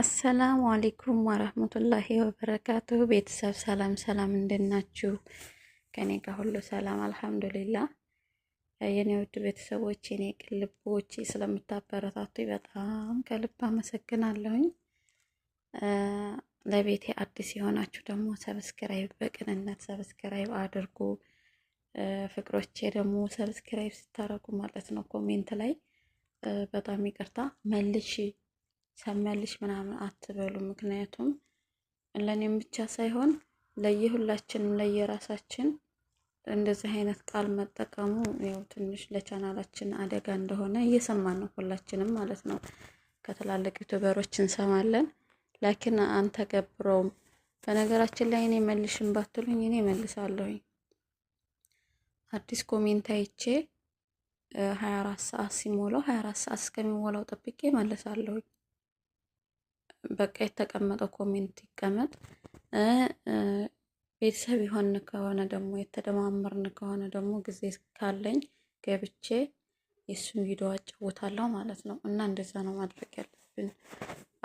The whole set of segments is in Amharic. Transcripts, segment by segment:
አሰላሙ አሌይኩም ወረህመቱላሂ ወበረካቱሁ። ቤተሰብ ሰላም ሰላም፣ እንዴት ከኔ ጋር ሁሉ ሰላም አልሐምዱሊላ። የኔ ውድ ቤተሰቦች፣ የኔ ቅልቦች ስለምታበረታቱ በጣም ከልብ አመሰግናለሁኝ። ለቤቴ አዲስ የሆናችሁ ደግሞ ሰብስክራይብ፣ በቅንነት ሰብስክራይብ አድርጉ። ፍቅሮቼ ደግሞ ሰብስክራይብ ስታረጉ ማለት ነው ኮሜንት ላይ በጣም ይቅርታ መልሽ ሰሚያለሽ ምናምን አትበሉ። ምክንያቱም ለእኔም ብቻ ሳይሆን ለየሁላችንም ለየራሳችን እንደዚህ አይነት ቃል መጠቀሙ ያው ትንሽ ለቻናላችን አደጋ እንደሆነ እየሰማን ነው፣ ሁላችንም ማለት ነው። ከትላልቅ ዩቱበሮች እንሰማለን፣ ላኪን አንተገብረውም። በነገራችን ላይ እኔ መልሽም ባትሉኝ እኔ መልሳለሁኝ። አዲስ ኮሜንት አይቼ ሀያ አራት ሰዓት ሲሞላው ሀያ አራት ሰዓት እስከሚሞላው ጠብቄ መልሳለሁኝ። በቃ የተቀመጠው ኮሜንት ይቀመጥ። ቤተሰብ የሆን ከሆነ ደግሞ የተደማመርን ከሆነ ደግሞ ጊዜ ካለኝ ገብቼ የእሱን ቪዲዮ አጫውታለሁ ማለት ነው። እና እንደዛ ነው ማድረግ ያለብን።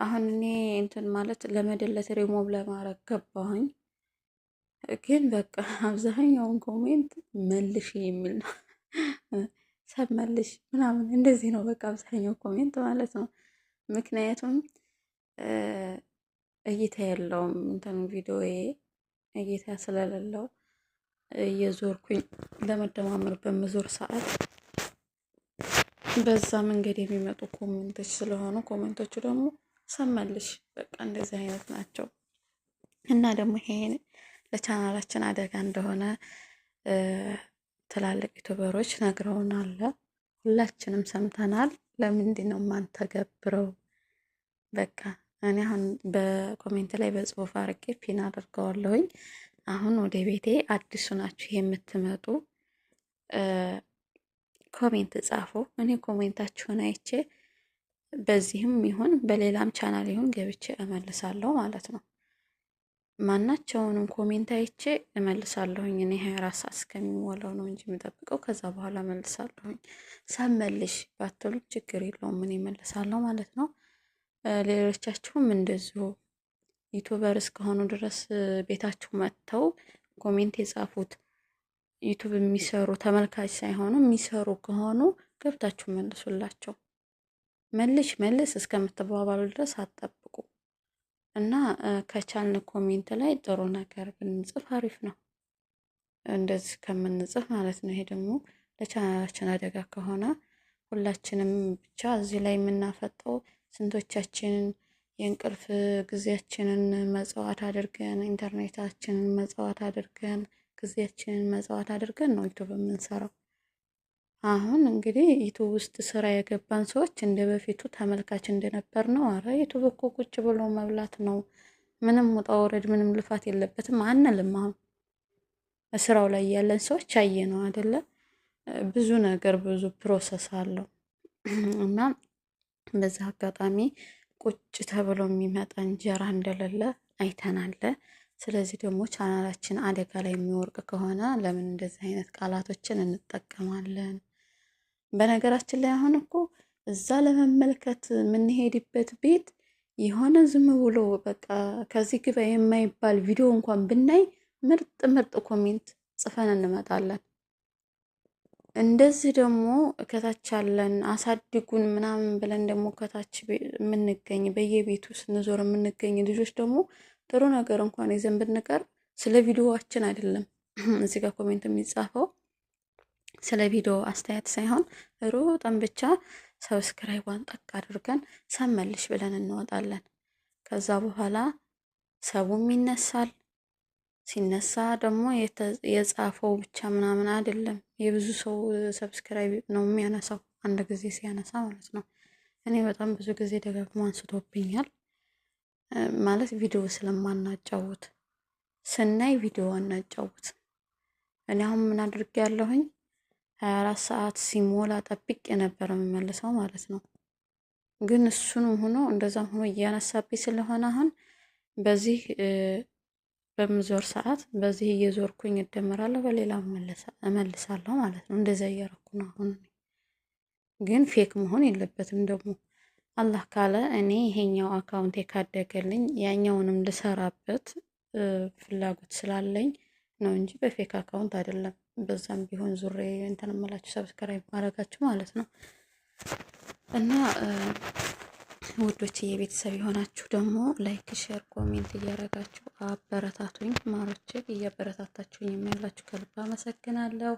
አሁን እኔ እንትን ማለት ለመደለት ሪሞቭ ለማድረግ ገባሁኝ፣ ግን በቃ አብዛኛውን ኮሜንት መልሽ የሚል ነው። ሰብ መልሽ ምናምን እንደዚህ ነው በቃ አብዛኛው ኮሜንት ማለት ነው። ምክንያቱም እይታ የለውም እንትን ቪዲዮዬ እይታ ስለሌለው እየዞርኩኝ ለመደማመር በምዞር ሰዓት በዛ መንገድ የሚመጡ ኮሜንቶች ስለሆኑ ኮሜንቶቹ ደግሞ ሰመልሽ በቃ እንደዚህ አይነት ናቸው እና ደግሞ ይሄን ለቻናላችን አደጋ እንደሆነ ትላልቅ ዩቱበሮች አለ። ሁላችንም ሰምተናል። ለምንድን ነው ተገብረው በቃ እኔ አሁን በኮሜንት ላይ በጽሁፍ አርጌ ፒን አድርገዋለሁኝ። አሁን ወደ ቤቴ አዲሱ ናችሁ የምትመጡ ኮሜንት ጻፉ። እኔ ኮሜንታችሁን አይቼ በዚህም ይሁን በሌላም ቻናል ይሁን ገብቼ እመልሳለሁ ማለት ነው። ማናቸውንም ኮሜንት አይቼ እመልሳለሁኝ። እኔ ሀያ ራሳ እስከሚሞላው ነው እንጂ የምጠብቀው ከዛ በኋላ እመልሳለሁኝ። ሳመልሽ ባትሉ ችግር የለውም እኔ እመልሳለሁ ማለት ነው። ሌሎቻችሁም እንደዚሁ ዩቱበር እስከሆኑ ድረስ ቤታችሁ መጥተው ኮሜንት የጻፉት ዩቱብ የሚሰሩ ተመልካች ሳይሆኑ የሚሰሩ ከሆኑ ገብታችሁ መልሱላቸው። መልሽ መልስ እስከምትባባሉ ድረስ አጠብቁ እና ከቻልን ኮሜንት ላይ ጥሩ ነገር ብንጽፍ አሪፍ ነው። እንደዚህ ከምንጽፍ ማለት ነው። ይሄ ደግሞ ለቻናላችን አደጋ ከሆነ ሁላችንም ብቻ እዚህ ላይ የምናፈጠው ስንቶቻችንን የእንቅልፍ ጊዜያችንን መጽዋት አድርገን ኢንተርኔታችንን መጽዋት አድርገን ጊዜያችንን መጽዋት አድርገን ነው ዩቱብ የምንሰራው። አሁን እንግዲህ ዩቱብ ውስጥ ስራ የገባን ሰዎች እንደ በፊቱ ተመልካች እንደነበር ነው። አረ ዩቱብ እኮ ቁጭ ብሎ መብላት ነው፣ ምንም ውጣ ውረድ፣ ምንም ልፋት የለበትም አንልም። አሁን ስራው ላይ ያለን ሰዎች አየ ነው አደለ? ብዙ ነገር ብዙ ፕሮሰስ አለው እና በዚህ አጋጣሚ ቁጭ ተብሎ የሚመጣ እንጀራ እንደሌለ አይተናል። ስለዚህ ደግሞ ቻናላችን አደጋ ላይ የሚወርቅ ከሆነ ለምን እንደዚህ አይነት ቃላቶችን እንጠቀማለን? በነገራችን ላይ አሁን እኮ እዛ ለመመልከት የምንሄድበት ቤት የሆነ ዝም ብሎ በቃ ከዚህ ግባ የማይባል ቪዲዮ እንኳን ብናይ ምርጥ ምርጥ ኮሜንት ጽፈን እንመጣለን። እንደዚህ ደግሞ ከታች አለን አሳድጉን ምናምን ብለን ደግሞ ከታች የምንገኝ በየቤቱ ስንዞር የምንገኝ ልጆች ደግሞ ጥሩ ነገር እንኳን ይዘን ብንቀርብ ስለ ቪዲዮዋችን አይደለም እዚህ ጋር ኮሜንት የሚጻፈው ስለ ቪዲዮ አስተያየት ሳይሆን ሮጠን ብቻ ሰብስክራይቧን ጠቅ አድርገን ሰመልሽ ብለን እንወጣለን። ከዛ በኋላ ሰቡም ይነሳል። ሲነሳ ደግሞ የጻፈው ብቻ ምናምን አይደለም የብዙ ሰው ሰብስክራይብ ነው የሚያነሳው አንድ ጊዜ ሲያነሳ ማለት ነው። እኔ በጣም ብዙ ጊዜ ደጋግሞ አንስቶብኛል። ማለት ቪዲዮ ስለማናጫወት ስናይ ቪዲዮ አናጫወት። እኔ አሁን ምን አድርጌ ያለሁኝ ሀያ አራት ሰዓት ሲሞላ ጠብቅ የነበረ የምመልሰው ማለት ነው። ግን እሱንም ሆኖ እንደዛም ሆኖ እያነሳብኝ ስለሆነ አሁን በዚህ በምዞር ሰዓት በዚህ እየዞርኩኝ እደመራለሁ፣ በሌላ እመልሳለሁ ማለት ነው። እንደዛ እያረኩ ነው አሁን። ግን ፌክ መሆን የለበትም ደግሞ አላህ ካለ እኔ ይሄኛው አካውንቴ ካደገልኝ ያኛውንም ልሰራበት ፍላጎት ስላለኝ ነው እንጂ በፌክ አካውንት አይደለም። በዛም ቢሆን ዙሬ እንትን እምላችሁ ሰብስክራይብ ማድረጋችሁ ማለት ነው እና ውዶች የቤተሰብ የሆናችሁ ደግሞ ላይክ፣ ሼር፣ ኮሜንት እያረጋችሁ አበረታቱኝ። ማሮቼ እያበረታታችሁኝ የሚያላችሁ ከልብ አመሰግናለሁ።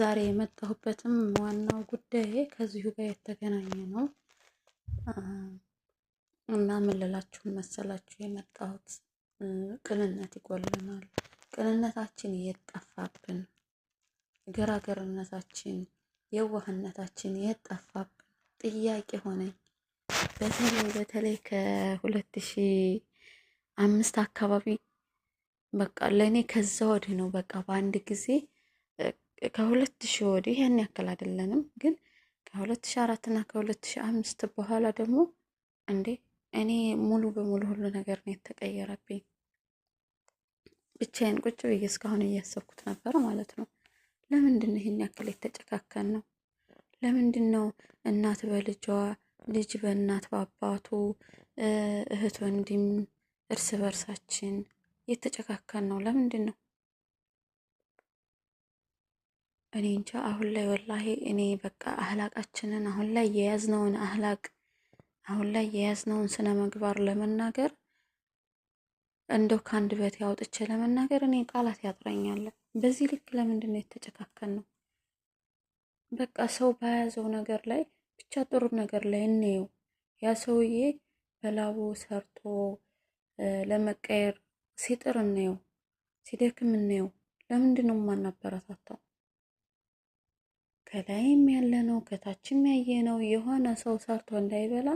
ዛሬ የመጣሁበትም ዋናው ጉዳይ ከዚሁ ጋር የተገናኘ ነው እና ምን ልላችሁን መሰላችሁ የመጣሁት ቅንነት ይጎልናል። ቅንነታችን የጠፋብን፣ ጠፋብን? ገራገርነታችን፣ የዋህነታችን የጠፋብን ጥያቄ ሆነኝ። በተለይ በተለይ ከሁለት ሺ አምስት አካባቢ በቃ ለእኔ ከዛ ወዲህ ነው በቃ በአንድ ጊዜ ከሁለት ሺ ወዲህ ያን ያክል አይደለንም፣ ግን ከሁለት ሺ አራት እና ከሁለት ሺ አምስት በኋላ ደግሞ እንዴ እኔ ሙሉ በሙሉ ሁሉ ነገር ነው የተቀየረብኝ። ብቻዬን ቁጭ ብዬ እስካሁን እያሰብኩት ነበር ማለት ነው። ለምንድን ነው ይህን ያክል የተጨካከን ነው? ለምንድን ነው እናት በልጇ ልጅ በእናት በአባቱ እህት ወንድም እርስ በርሳችን የተጨካከል ነው። ለምንድን ነው እኔ እንጃ። አሁን ላይ ወላሂ እኔ በቃ አህላቃችንን አሁን ላይ የያዝነውን አህላቅ አሁን ላይ የያዝነውን ስነ ምግባር ለመናገር እንደው ከአንድ በት ያውጥቼ ለመናገር እኔ ቃላት ያጥረኛለን። በዚህ ልክ ለምንድን ነው ነው? በቃ ሰው በያዘው ነገር ላይ ብቻ ጥሩ ነገር ላይ እንየው። ያ ሰውዬ በላቡ ሰርቶ ለመቀየር ሲጥር እንየው፣ ሲደክም እንየው። ለምንድን ነው የማናበረታታው? ከላይም ያለነው ከታችም ያየ ነው የሆነ ሰው ሰርቶ እንዳይበላ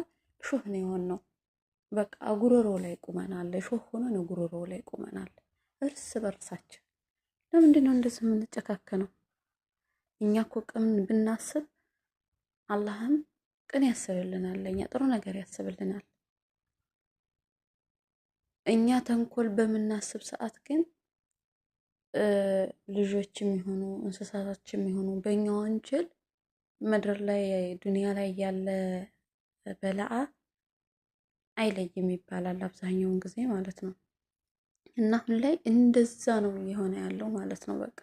እሾህ ነው የሆን ነው። በቃ ጉሮሮ ላይ ቁመናል፣ ሆኖ ሆነን ጉሮሮ ላይ ቁመናል። እርስ በርሳችን ለምንድን ነው እንደዚህ የምንጨካከነው? እኛ እኮ ብናስብ አላህም ቅን ያስብልናል፣ ለእኛ ጥሩ ነገር ያስብልናል። እኛ ተንኮል በምናስብ ሰዓት ግን ልጆች የሚሆኑ እንስሳቶች የሚሆኑ በእኛ ወንጀል ምድር ላይ ዱንያ ላይ ያለ በላአ አይለይም ይባላል አብዛኛውን ጊዜ ማለት ነው። እና አሁን ላይ እንደዛ ነው የሆነ ያለው ማለት ነው። በቃ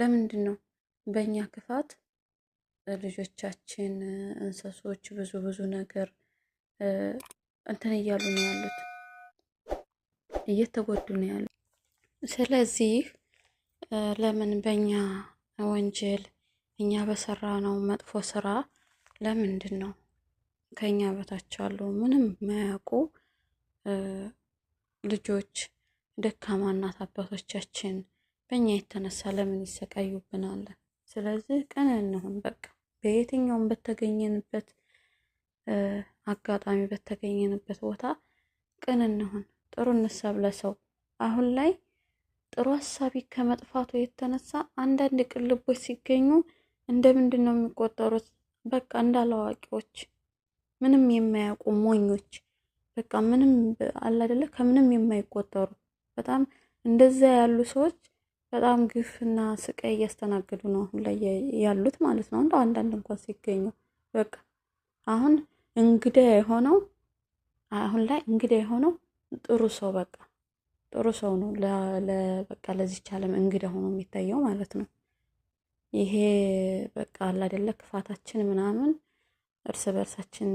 ለምንድን ነው በእኛ ክፋት ልጆቻችን እንስሶች ብዙ ብዙ ነገር እንትን እያሉ ነው ያሉት፣ እየተጎዱ ነው ያሉት። ስለዚህ ለምን በእኛ ወንጀል እኛ በሰራ ነው መጥፎ ስራ ለምንድን ነው ከኛ በታች አሉ ምንም የማያውቁ ልጆች ደካማ እናት አባቶቻችን በእኛ የተነሳ ለምን ይሰቃዩብናል? ስለዚህ ቀን እንሁን በቃ። በየትኛውም በተገኘንበት አጋጣሚ በተገኘንበት ቦታ ቅን እንሆን፣ ጥሩ እንሰብ ለሰው። አሁን ላይ ጥሩ ሀሳቢ ከመጥፋቱ የተነሳ አንዳንድ ቅን ልቦች ሲገኙ እንደ ምንድን ነው የሚቆጠሩት? በቃ እንዳላዋቂዎች፣ ምንም የማያውቁ ሞኞች፣ በቃ ምንም አላደለ ከምንም የማይቆጠሩ በጣም እንደዛ ያሉ ሰዎች በጣም ግፍና ስቃይ እያስተናገዱ ነው አሁን ላይ ያሉት ማለት ነው። እንደ አንዳንድ እንኳን ሲገኙ በቃ አሁን እንግዳ የሆነው አሁን ላይ እንግዳ የሆነው ጥሩ ሰው በቃ ጥሩ ሰው ነው በቃ ለዚች ዓለም እንግዳ ሆኖ የሚታየው ማለት ነው። ይሄ በቃ አለ አይደለ ክፋታችን ምናምን እርስ በርሳችን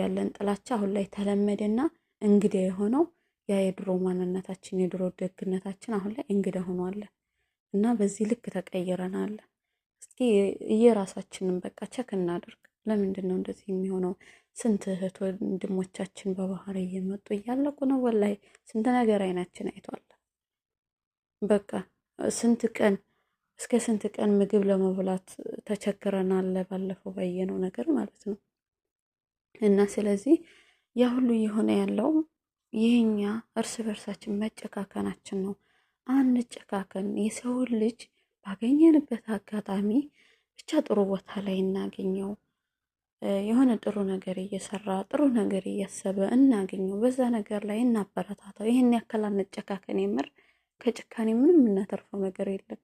ያለን ጥላቻ አሁን ላይ ተለመደና እንግዳ የሆነው ያ የድሮ ማንነታችን የድሮ ደግነታችን አሁን ላይ እንግዳ ሆኗል። እና በዚህ ልክ ተቀይረናል። እስኪ እየራሳችንን በቃ ቸክ እናደርግ። ለምንድን ነው እንደዚህ የሚሆነው? ስንት እህት ወንድሞቻችን በባህር እየመጡ እያለቁ ነው። ወላይ ስንት ነገር አይናችን አይቷል። በቃ ስንት ቀን እስከ ስንት ቀን ምግብ ለመብላት ተቸግረናል። ባለፈው ባየነው ነገር ማለት ነው። እና ስለዚህ ያ ሁሉ እየሆነ ያለው ይህኛ እርስ በርሳችን መጨካከናችን ነው። አንጨካከን። የሰውን ልጅ ባገኘንበት አጋጣሚ ብቻ ጥሩ ቦታ ላይ እናገኘው፣ የሆነ ጥሩ ነገር እየሰራ ጥሩ ነገር እያሰበ እናገኘው፣ በዛ ነገር ላይ እናበረታታው። ይህን ያክል አንጨካከን። የምር ከጭካኔ ምንም የምናተርፈው ነገር የለም።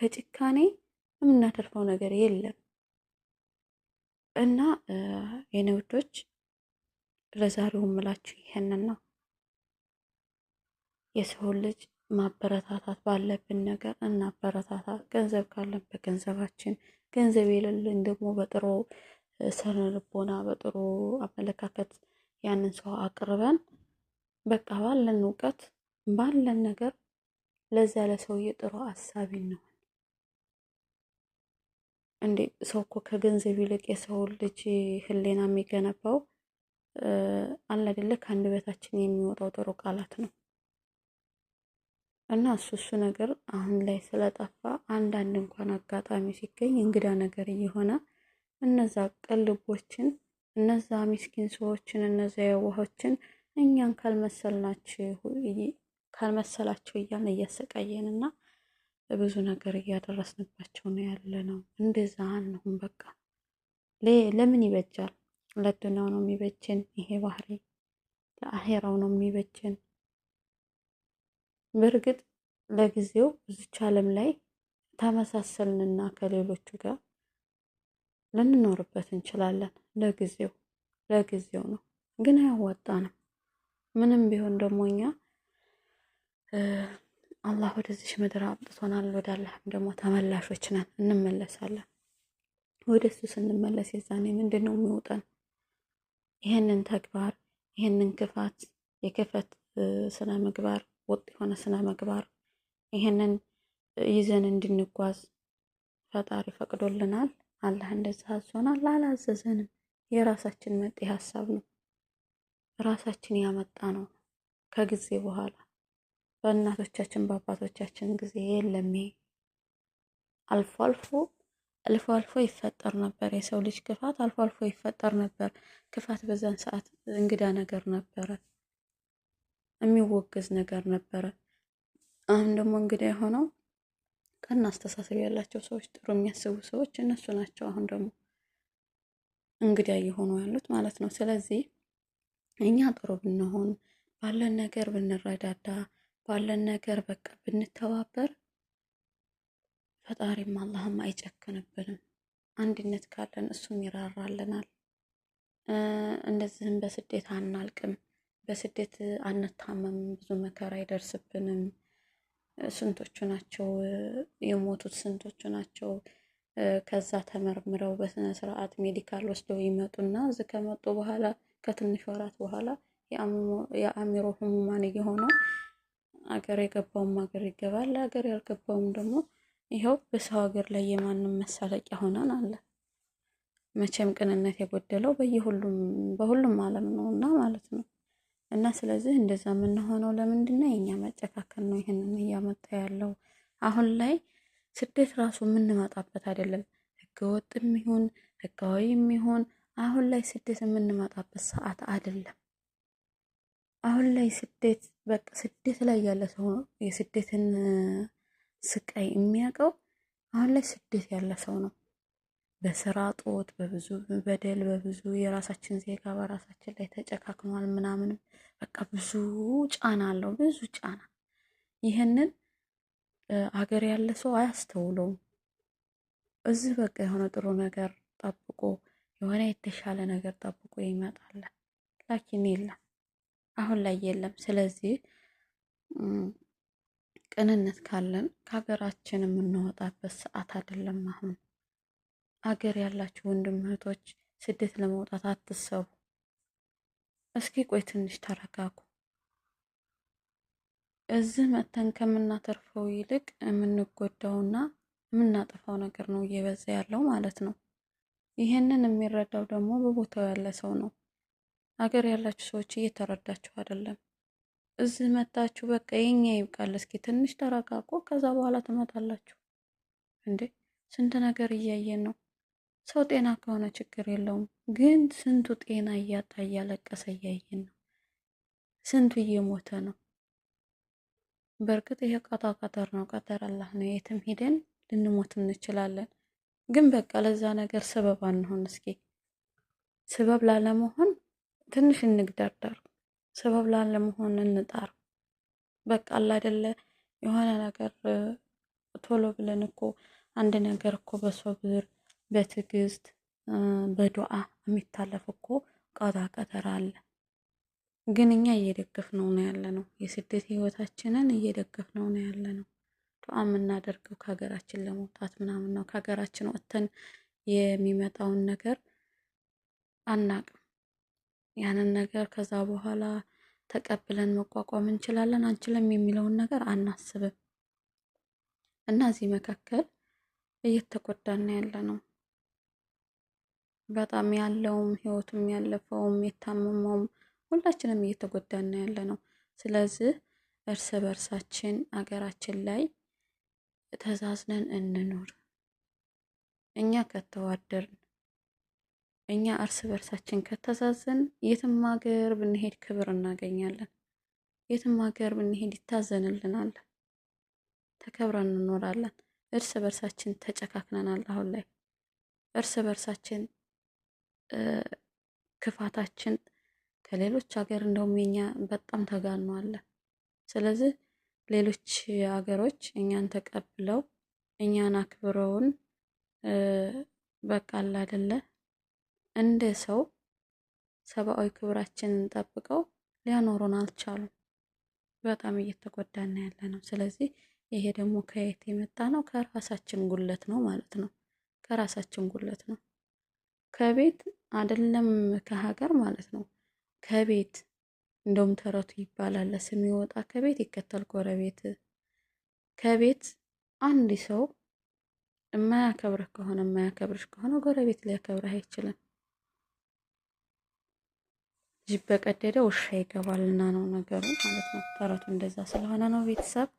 ከጭካኔ የምናተርፈው ነገር የለም እና የኔ ውዶች ለዛሬው ምላችሁ ይሄንን ነው የሰው ልጅ ማበረታታት ባለብን ነገር እናበረታታ። ገንዘብ ካለን በገንዘባችን፣ ገንዘብ የሌለን ደግሞ በጥሩ ስነ ልቦና በጥሩ አመለካከት ያንን ሰው አቅርበን በቃ ባለን እውቀት ባለን ነገር ለዛ ለሰውዬ ጥሩ አሳቢ እንሆን። እንዴ ሰው እኮ ከገንዘብ ይልቅ የሰው ልጅ ህሌና የሚገነባው አለ አይደለ በታችን የሚወጣው ጥሩ ቃላት ነው። እና እሱ እሱ ነገር አሁን ላይ ስለጠፋ አንዳንድ እንኳን አጋጣሚ ሲገኝ እንግዳ ነገር እየሆነ እነዛ ቅልቦችን እነዛ ሚስኪን ሰዎችን እነዛ የዋሆችን እኛን ካልመሰላቸው እያልን እያሰቃየን እና ብዙ ነገር እያደረስንባቸው ነው ያለ ነው። እንደዛ አንሁን በቃ ለምን ይበጃል? ለዱናው ነው የሚበጀን ይሄ ባህሪ፣ ለአሄራው ነው የሚበጀን። በእርግጥ ለጊዜው ብዙች ዓለም ላይ ተመሳሰልንና ከሌሎቹ ጋር ልንኖርበት እንችላለን። ለጊዜው ለጊዜው ነው ግን አያዋጣንም። ምንም ቢሆን ደግሞ እኛ አላህ ወደዚች ምድር አምጥቶናል። ወደ አላህም ደግሞ ተመላሾች ነን፣ እንመለሳለን። ወደ እሱ ስንመለስ የዛኔ ምንድን ነው የሚወጣን? ይህንን ተግባር ይህንን ክፋት የክፈት ስነ ምግባር ወጥ የሆነ ስነ ምግባር ይህንን ይዘን እንድንጓዝ ፈጣሪ ፈቅዶልናል። አላህ እንደዛ አዞናል። አላዘዘንም። የራሳችን መጤ ሀሳብ ነው፣ ራሳችን ያመጣ ነው። ከጊዜ በኋላ በእናቶቻችን በአባቶቻችን ጊዜ የለም። አልፎ አልፎ አልፎ አልፎ ይፈጠር ነበር የሰው ልጅ ክፋት፣ አልፎ አልፎ ይፈጠር ነበር ክፋት። በዛን ሰዓት እንግዳ ነገር ነበረ። የሚወገዝ ነገር ነበረ። አሁን ደግሞ እንግዳ የሆነው ቀና አስተሳሰብ ያላቸው ሰዎች፣ ጥሩ የሚያስቡ ሰዎች እነሱ ናቸው። አሁን ደግሞ እንግዳ እየሆኑ ያሉት ማለት ነው። ስለዚህ እኛ ጥሩ ብንሆን ባለን ነገር ብንረዳዳ ባለን ነገር በቃ ብንተባበር ፈጣሪም አላህም አይጨክንብንም። አንድነት ካለን እሱም ይራራልናል። እንደዚህም በስደት አናልቅም። በስደት አንታመም፣ ብዙ መከራ አይደርስብንም። ስንቶቹ ናቸው የሞቱት? ስንቶቹ ናቸው ከዛ ተመርምረው በስነ ስርዓት ሜዲካል ወስደው ይመጡና እዚህ ከመጡ በኋላ ከትንሽ ወራት በኋላ የአእምሮ ህሙማን እየሆነ አገር የገባውም አገር ይገባል፣ አገር ያልገባውም ደግሞ ይኸው በሰው ሀገር ላይ የማንም መሳለቂያ ሆነን አለ። መቼም ቅንነት የጎደለው በየሁሉም በሁሉም ዓለም ነው እና ማለት ነው እና ስለዚህ እንደዛ የምንሆነው ለምንድን ነው? የኛ መጨካከል ነው ይህንን እያመጣ ያለው። አሁን ላይ ስደት ራሱ የምንመጣበት አይደለም፣ ህገወጥም ይሁን ህጋዊም ይሁን አሁን ላይ ስደት የምንመጣበት ሰዓት አይደለም። አሁን ላይ ስደት በቃ ስደት ላይ ያለ ሰው ነው የስደትን ስቃይ የሚያውቀው። አሁን ላይ ስደት ያለ ሰው ነው። በስራ ጦት በብዙ በደል በብዙ የራሳችን ዜጋ በራሳችን ላይ ተጨካክኗል ምናምንም በቃ ብዙ ጫና አለው ብዙ ጫና። ይህንን አገር ያለ ሰው አያስተውለውም። እዚህ በቃ የሆነ ጥሩ ነገር ጠብቆ የሆነ የተሻለ ነገር ጠብቆ ይመጣል። ላኪን የለም አሁን ላይ የለም። ስለዚህ ቅንነት ካለን ከሀገራችን የምንወጣበት ሰዓት አይደለም አሁን። አገር ያላችሁ ወንድም እህቶች ስደት ለመውጣት አትሰቡ። እስኪ ቆይ ትንሽ ተረጋጉ። እዚህ መተን ከምናተርፈው ይልቅ የምንጎዳውና የምናጠፋው ነገር ነው እየበዛ ያለው ማለት ነው። ይህንን የሚረዳው ደግሞ በቦታው ያለ ሰው ነው። አገር ያላችሁ ሰዎች እየተረዳችሁ አይደለም። እዚህ መታችሁ በቃ የኛ ይብቃል፣ እስኪ ትንሽ ተረጋጉ፣ ከዛ በኋላ ትመጣላችሁ። እንዴ ስንት ነገር እያየን ነው። ሰው ጤና ከሆነ ችግር የለውም። ግን ስንቱ ጤና እያጣ እያለቀሰ እያየን ነው። ስንቱ እየሞተ ነው። በእርግጥ ይሄ ቀጣ ቀጠር ነው። ቀጠር አላህ ነው። የትም ሂደን ልንሞት እንችላለን። ግን በቃ ለዛ ነገር ሰበብ አንሆን። እስኪ ሰበብ ላለመሆን ትንሽ እንግደርደር፣ ሰበብ ላለመሆን እንጣር። በቃ አላደለ የሆነ ነገር ቶሎ ብለን እኮ አንድ ነገር እኮ በሰው ብር በትዕግስት በዱዓ የሚታለፍ እኮ ቀጣ ቀጠር አለ። ግን እኛ እየደገፍ ነው ነው ያለ ነው። የስደት ህይወታችንን እየደገፍ ነው ነው ያለ ነው። ዱዓ የምናደርገው ከሀገራችን ለመውጣት ምናምን ነው። ከሀገራችን ወጥተን የሚመጣውን ነገር አናቅም። ያንን ነገር ከዛ በኋላ ተቀብለን መቋቋም እንችላለን አንችልም የሚለውን ነገር አናስብም እና እዚህ መካከል እየተጎዳን ያለ ነው። በጣም ያለውም ህይወቱም ያለፈውም የታመመውም ሁላችንም እየተጎዳን ያለ ነው። ስለዚህ እርስ በርሳችን አገራችን ላይ ተዛዝነን እንኑር። እኛ ከተዋደርን፣ እኛ እርስ በርሳችን ከተዛዘን የትም ሀገር ብንሄድ ክብር እናገኛለን። የትም ሀገር ብንሄድ ይታዘንልናል፣ ተከብረን እንኖራለን። እርስ በርሳችን ተጨካክነናል አሁን ላይ እርስ በርሳችን ክፋታችን ከሌሎች ሀገር እንደውም የኛ በጣም ተጋኗል። ስለዚህ ሌሎች ሀገሮች እኛን ተቀብለው እኛን አክብረውን በቃል አይደለ እንደ ሰው ሰብአዊ ክብራችንን ጠብቀው ሊያኖሩን አልቻሉም። በጣም እየተጎዳና ያለ ነው። ስለዚህ ይሄ ደግሞ ከየት የመጣ ነው? ከራሳችን ጉለት ነው ማለት ነው። ከራሳችን ጉለት ነው ከቤት አይደለም ከሀገር ማለት ነው ከቤት እንደውም ተረቱ ይባላል ስም ይወጣ ከቤት ይከተል ጎረቤት። ከቤት አንድ ሰው የማያከብርህ ከሆነ የማያከብርሽ ከሆነ ጎረቤት ሊያከብርህ አይችልም። ጅብ በቀደደ ውሻ ይገባልና ነው ነገሩ ማለት ነው። ተረቱ እንደዛ ስለሆነ ነው ቤተሰብ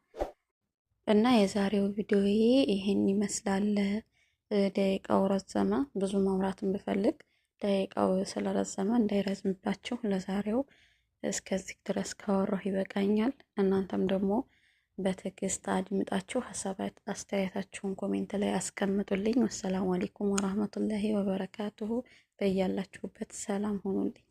እና የዛሬው ቪዲዮዬ ይሄን ይመስላል። ደቂቃው ረዘመ ብዙ ማውራትን ብፈልግ ደቂቃው ስለረዘመ እንዳይረዝምባችሁ ለዛሬው እስከዚህ ድረስ ካወራሁ ይበቃኛል። እናንተም ደግሞ በትዕግስት አድምጣችሁ ሀሳብ አስተያየታችሁን ኮሜንት ላይ አስቀምጡልኝ። ወሰላሙ አሌይኩም ወራህመቱላሂ ወበረካቱሁ። በያላችሁበት ሰላም ሁኑልኝ።